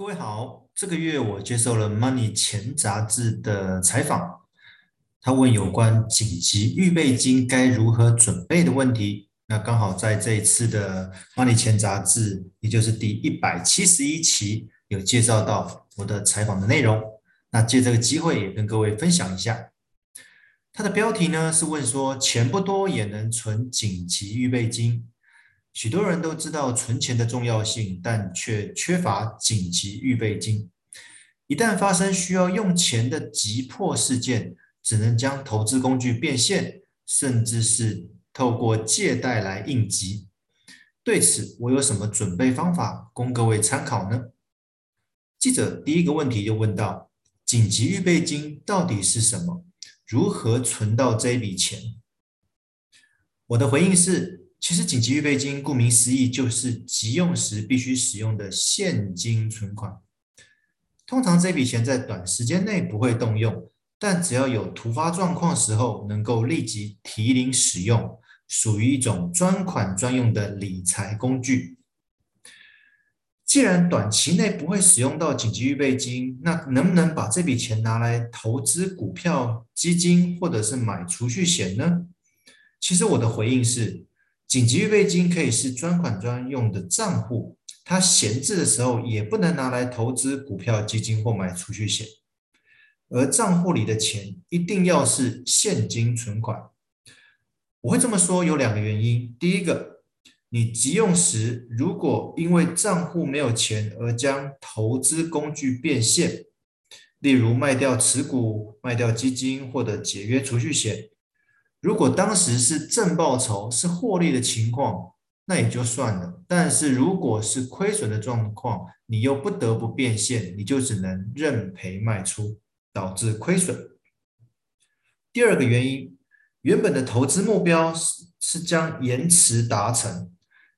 各位好，這個月我接受了 Money 錢雜誌的採訪，他問有關緊急預備金該如何準備的問題。那剛好在這一次的 Money 錢雜誌，也就是第一百七十一期，有介紹到我的採訪的內容。那借這個機會也跟各位分享一下，它的標題呢是問說，錢不多也能存緊急預備金。許多人都知道存錢的重要性，但卻缺乏緊急預備金。一旦發生需要用錢的急迫事件，只能將投資工具變現，甚至是透過借貸來應急。對此，我有什麼準備方法供各位參考呢？記者第一個問題就問到：緊急預備金到底是什麼？如何存到這筆錢？我的回應是。其實，緊急預備金顧名思義就是急用時必須使用的現金存款。通常這筆錢在短時間內不會動用，但只要有突發狀況時候，能夠立即提領使用，屬於一種專款專用的理財工具。既然短期內不會使用到緊急預備金，那能不能把這筆錢拿來投資股票、基金，或者是買儲蓄險呢？其實我的回應是。緊急預備金可以是專款專用的賬戶，它閒置的時候也不能拿來投資股票、基金或買儲蓄險，而賬戶裡的錢一定要是現金存款。我會這麼說有兩個原因，第一個，你急用時如果因為賬戶沒有錢而將投資工具變現，例如賣掉持股、賣掉基金或者解約儲蓄險。如果當時是正報酬、是獲利的情況，那也就算了。但是如果是虧損的狀況，你又不得不變現，你就只能認賠賣出，導致虧損。第二個原因，原本的投資目標是是將延遲達成，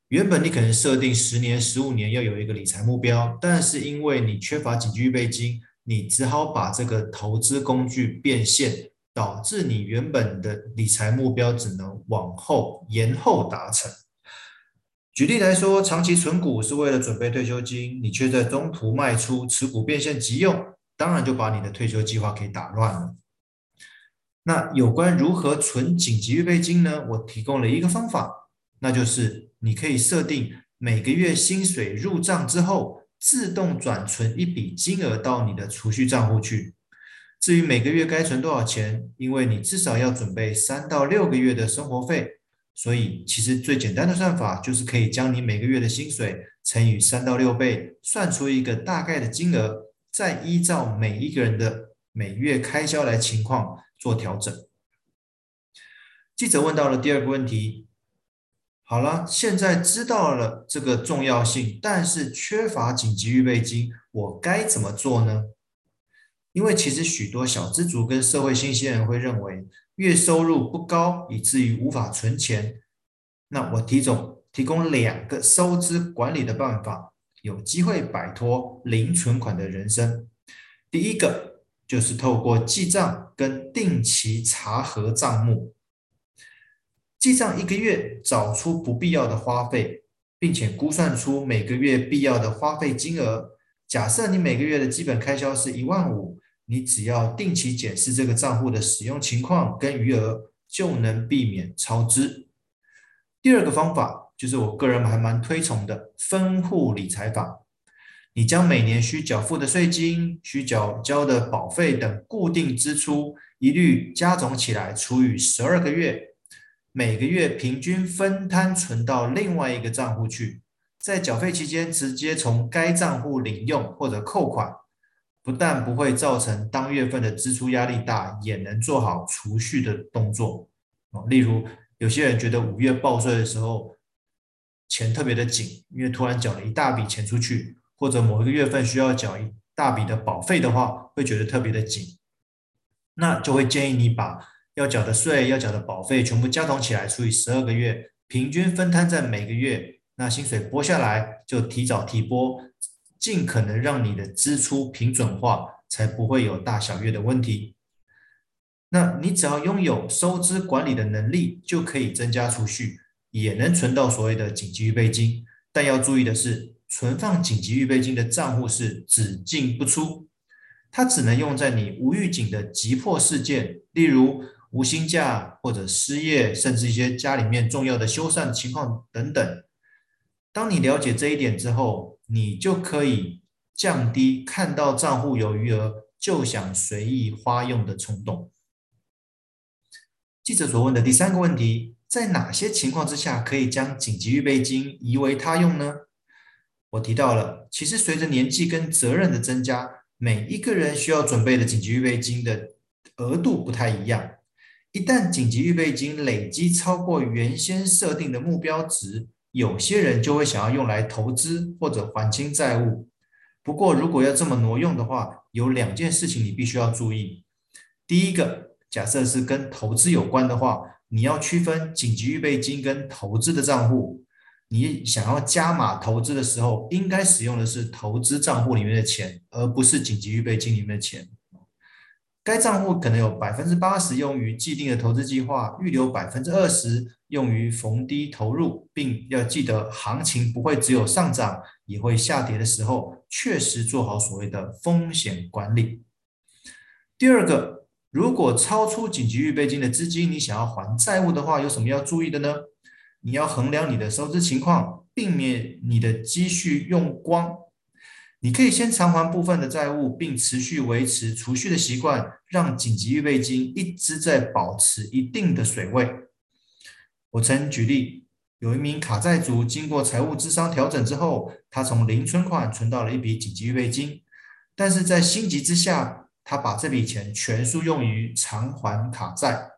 原本你可能設定十年、十五年要有一個理財目標，但是因為你缺乏緊急預備金，你只好把這個投資工具變現。導致你原本的理財目標只能往後延後達成。舉例來說，長期存股是為了準備退休金，你卻在中途賣出持股變現急用，當然就把你的退休計劃給打亂了。那有關如何存緊急預備金呢？我提供了一個方法，那就是你可以設定每個月薪水入賬之後，自動轉存一筆金額到你的儲蓄賬戶去。至於每個月該存多少錢，因為你至少要準備三到六個月的生活費，所以其實最簡單的算法就是可以將你每個月的薪水乘以三到六倍，算出一個大概的金額，再依照每一個人的每月開銷來情況做調整。記者問到了第二個問題，好了，現在知道了這個重要性，但是缺乏緊急預備金，我該怎麼做呢？因為其實許多小資族跟社會新鮮人會認為月收入不高，以至於無法存錢。那我提總，提供兩個收支管理的辦法，有機會擺脫零存款的人生。第一個就是透過記賬跟定期查核賬目，記賬一個月找出不必要的花費，並且估算出每個月必要的花費金額。假設你每個月的基本開銷是一萬五。你只要定期檢視這個賬戶的使用情況跟餘額，就能避免超支。第二個方法就是我個人還蠻推崇的分戶理財法。你將每年需繳付的稅金、需繳交的保費等固定支出，一律加總起來除以十二個月，每個月平均分攤存到另外一個賬戶去，在繳費期間直接從該賬戶領用或者扣款。不但不會造成當月份的支出壓力大，也能做好儲蓄的動作。例如有些人覺得五月報稅的時候錢特別的緊，因為突然繳了一大筆錢出去，或者某一個月份需要繳一大筆的保費的話，會覺得特別的緊，那就會建議你把要繳的稅、要繳的保費全部加總起來，除以十二個月，平均分攤在每個月。那薪水撥下來就提早提撥。盡可能讓你的支出平準化，才不會有大小月的問題。那你只要擁有收支管理的能力，就可以增加儲蓄，也能存到所謂的緊急預備金。但要注意的是，存放緊急預備金的賬戶是只進不出，它只能用在你無預警的急迫事件，例如無薪假或者失業，甚至一些家裡面重要的修繕情況等等。當你了解這一點之後，你就可以降低看到賬戶有餘額就想隨意花用的衝動。記者所問的第三個問題，在哪些情況之下可以將緊急預備金移為他用呢？我提到了，其實隨着年紀跟責任的增加，每一個人需要準備的緊急預備金的額度不太一樣。一旦緊急預備金累積超過原先設定的目標值，有些人就會想要用來投資或者還清債務。不過，如果要這麼挪用的話，有兩件事情你必須要注意。第一個，假設是跟投資有關的話，你要區分緊急預備金跟投資的賬戶。你想要加碼投資的時候，應該使用的是投資賬戶裡面的錢，而不是緊急預備金裡面的錢。該賬戶可能有百分之八十用於既定的投資計劃，預留百分之二十用於逢低投入，並要記得行情，不會只有上漲，也會下跌的時候，確實做好所謂的風險管理。第二個，如果超出緊急預備金的資金，你想要還債務的話，有什麼要注意的呢？你要衡量你的收支情況，避免你的積蓄用光。你可以先償還部分的債務，並持續維持儲蓄的習慣，讓緊急預備金一直在保持一定的水位。我曾舉例，有一名卡債族經過財務智商調整之後，他從零存款存到了一筆緊急預備金，但是在心急之下，他把這筆錢全數用於償還卡債，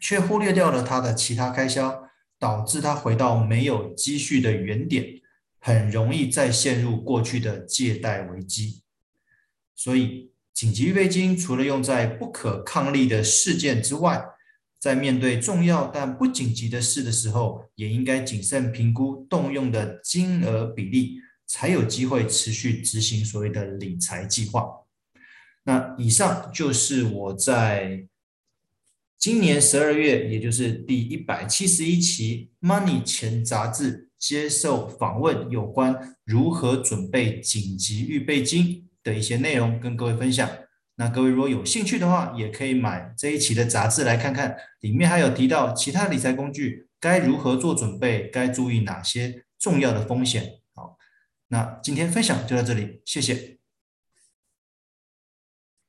卻忽略掉了他的其他開銷，導致他回到沒有積蓄的原點。很容易再陷入過去的借貸危機，所以緊急預備金除了用在不可抗力的事件之外，在面對重要但不緊急的事的時候，也應該謹慎評估動用的金額比例，才有機會持續執行所謂的理財計劃。那以上就是我在今年十二月，也就是第一百七十一期《Money》錢雜誌。接受訪問有關如何準備緊急預備金的一些內容，跟各位分享。那各位如果有興趣的話，也可以買這一期的雜誌來看看，裡面還有提到其他理財工具該如何做準備，該注意哪些重要的風險。好，那今天分享就到這裡，謝謝。